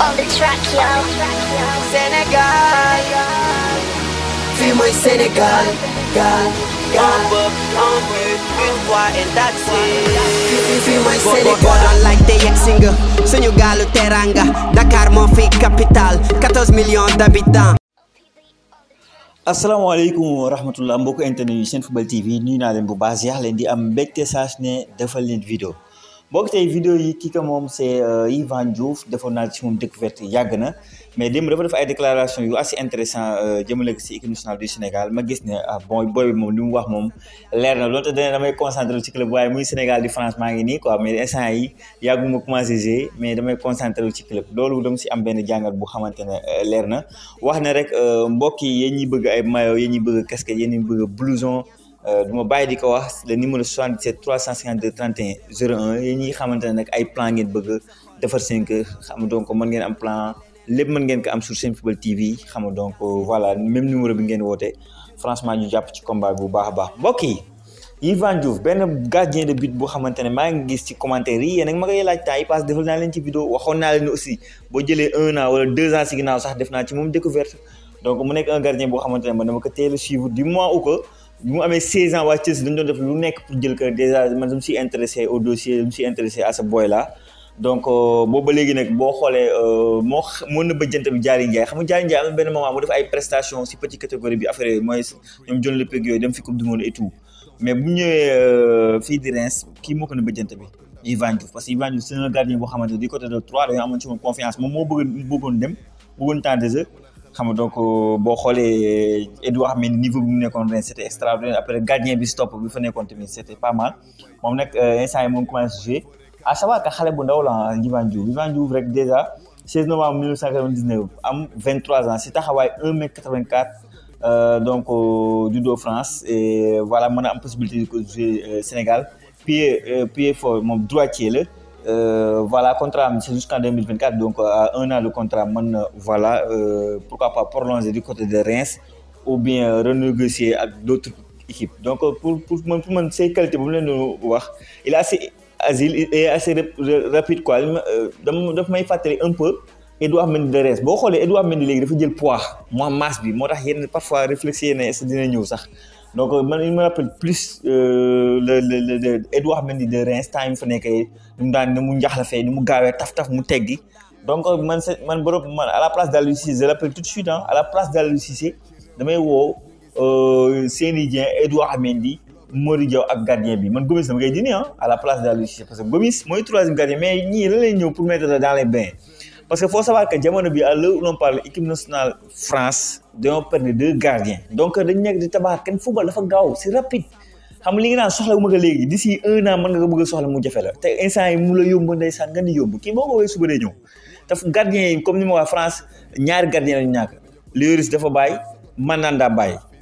on the track, yo. Senegal. Fais moi Sénégal, gal, gal. En like the teranga. Dakar 14 internet football tv nuyu naa bu baax yax di am mbégte saa ne defal boo ko tey yi kii ko moom c' est euh, Yvan Diouf defoon naa ci moom découverte yàgg na mais démb dafa def ay déclaration yu assez intéressant euh, jëmale ko si équipe Sénégal ma gis ne ah bon booy bi mu wax moom leer na loolu te dana damay concentré ci club waaye muy Sénégal di France maa ngi nii ko mais instant yi yàgguma commencé g mais damay concentré ci club loolu dama si am benn jàngat bu xamante ne euh, leer na wax ne rek mbokk yi yéen ñi bëgg ay maillot yéen ñi bëgg casquette yéen ñi bëgg blouson Euh, du ma bàyyi di ko wax le numéro 77 352 31 01 yi ñi xamante ne nag ay plan ngeen bëgg defar seen kër xam donc mën ngeen am plan lépp mën ngeen ko am sur Senfootball TV xam nga donc euh, voilà même bi ngeen woote franchement ñu jàpp ci bu baax baax mbokk yi Yvan Diouf benn gardien maa ngi gis ci commentaire yi yéen nag ma a laaj temps yi passe defal naa leen ci vidéo waxoon naa leen aussi boo jëlee un an wala deux ans si sax def naa ci moom découverte donc mu nekk un gardien boo xamante ne man dama ko teel a bi mu amee 16 ans waa Chelsea dañu doon nekk pour jël ko déjà man je me suis intéressé au dossier je me intéressé à boy là. donc euh, boobu léegi nag boo xoolee euh, moo moo nëbba jant bi Diary Ndiaye xam nga Diary Ndiaye am na benn moment mu ay prestations si petite catégorie bi affaire yooyu mooy ñoom John Le Pegg yooyu fi coupe du monde et mais bu ñëwee euh, fii di Reims kii moo ko nëbba jant bi Yvan Diouf parce que Yvan Diouf c'est gardien boo xamante ne du côté de 3 dañoo amoon ci moom confiance moom moo bëgg bëggoon dem bëggoon temps de jeu xam donc euh, boo xoolee Edouard Mendy niveau bi mu nekkoon était extraordinaire après gardien bi stop bi fa nekkoon était pas mal moom nag euh, instant yi moom commencé jouer à savoir que xale bu ndaw la Ndivan Diouf Ndivan Diouf rek déjà 16 novembre 1999 am 23 ans à Hawaï, 1 mètre 84 euh, donc judo France et voilà mën a possibilité de jouer Sénégal pied pied fort moom droitier la. Voilà euh, voilà, contrat, c'est jusqu'en 2024, donc à euh, un an le contrat, voilà, euh, pourquoi pas prolonger du côté de Reims ou bien renégocier avec d'autres équipes. Donc pour, pour, pour, pour c'est vous voulez nous voir. Il est assez assez rapide, quoi. donc, je vais un peu. Edouard Mendy de Reims boo il Edouard Mendy le le poids moi masse bi moo parfois réfléchir, c'est ce ça donc euh, man il me rappelle plus euh, le le le Edouard Mendy de Reims temps yi mu fa nekkee ni mu daan ni mu ni mu gaawee taf taf mu teggi donc euh, man se man borom man à la place d'Aliou Cissé je tout de suite ah à la place d'Aliou Cissé damay woo Seny Edouard Mendy Mori Diaw ak gardien bi man Gomis dama koy dindi ah à la place d'Aliou Cissé parce que Gomis mooy troisième gardien mais ñii la lay ñëw pour mettre dans les bains. parce que faut savoir que jamono bi à l'heure où l'on parle équipe nationale France dañoo perdre deux gardiens donc dañ nekk di tabax kenn football dafa gaaw c'est rapide xam li nga naan soxla wu ma léegi d'ici un an mën nga ko bëgg a soxla mu jafe te instant yi mu la yóbbu ndeysaan nga ni yóbbu kii boo ko woowee suba day ñëw te gardien comme ni ma wax France ñaari gardien lañu ñàkk dafa bàyyi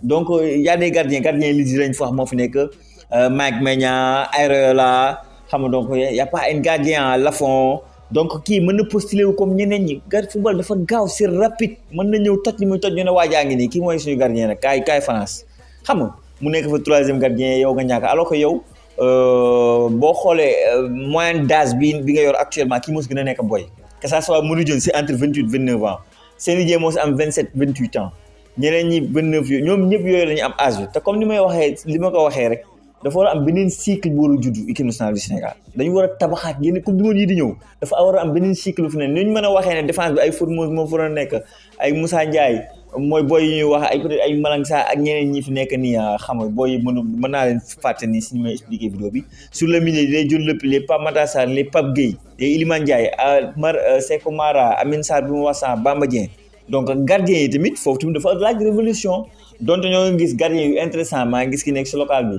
euh, y a des gardiens gardiens li di lañ fa wax moo fi nekk euh, Mike Maignan Areola xam nga donc y a pas un gardien Lafont donc kii mën na postuler wu comme ñeneen ñi gar football dafa gaaw c'est rapide mën na ñëw toj li muy toj ñu ne waajaa ngi nii kii mooy suñu gardien nag kaay kaay France xam nga mu nekk fa troisième gardien yow nga ñàkk alors que yow euh, boo xoolee euh, moyenne d'âge bi bi nga yor actuellement kii moo si gën a nekk boy que ça soit Modou Dione c'est entre vingt huit vingt neuf ans Seny Dieng moo si am vingt sept vingt huit ans ñeneen ñi vingt neuf yooyu ñoom ñëpp yooyu lañu am âge bi te comme ni may waxee li ma ko waxee dafa war a am beneen cycle bu war a juddu équipe nationale du Sénégal dañu war a tabaxaat yenn coupe du monde yi di ñëw dafa war a am beneen cycle fu ne ni ñu mën a waxee ne bi ay Formose moo faroon nekk ay Moussa Ndiaye mooy booy yi wax ay peut ay Malang ak ñeneen ñi fi nekk nii ah, xam nga booy yi mën naa leen fàtte nii si ñu may expliqué vidéo bi sur le milieu les Dion Lopy les Pape Matar Sarr les Pape Gueye les Iliman Ndiaye ah, Mar euh, Seko Mara Amine Sarr bi mu wax sànq Bamba Dieng donc gardien yi tamit foofu tamit dafa laaj révolution donte ñoo ngi gis gardien yu intéressant maa ngi gis ki nekk si local bi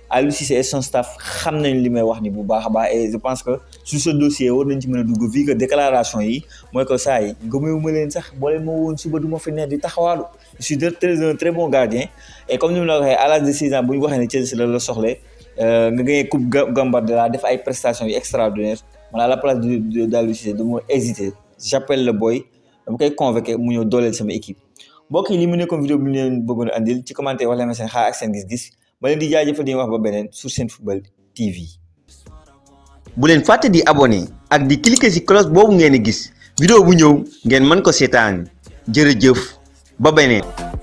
Aliou Cissé et son staff xamnañ nañ li may wax ni bu baax baax et je pense que sur ce dossier war nañ ci mën a dugg vu que déclaration yi moy ko saa yi ma leen sax boo leen ma woon suba du ma fi ne di taxawaalu je suis très un très bon gardien et comme ni mu la à l'âge de six ans bu ñu waxee ne Chelsea la la euh nga gagné coupe Gambardella def ay prestations yu extraordinaires mala à la place de d'Aliou de dama hésiter. j'appelle le boy dama koy convoquer mu ñëw dooleel sama équipe mbokk yi li mu nekkoon vidéo bi ñu leen bëggoon andil ci commentaire wala ma seen xaar ak seen gis-gis ma leen di jaajëfal di wax ba beneen sur Senfootball TV. bu leen fàtte di abonné ak di cliquer ci cloche boobu ngeen di gis video bu ñëw ngeen man ko seetaan jërëjëf ba beneen.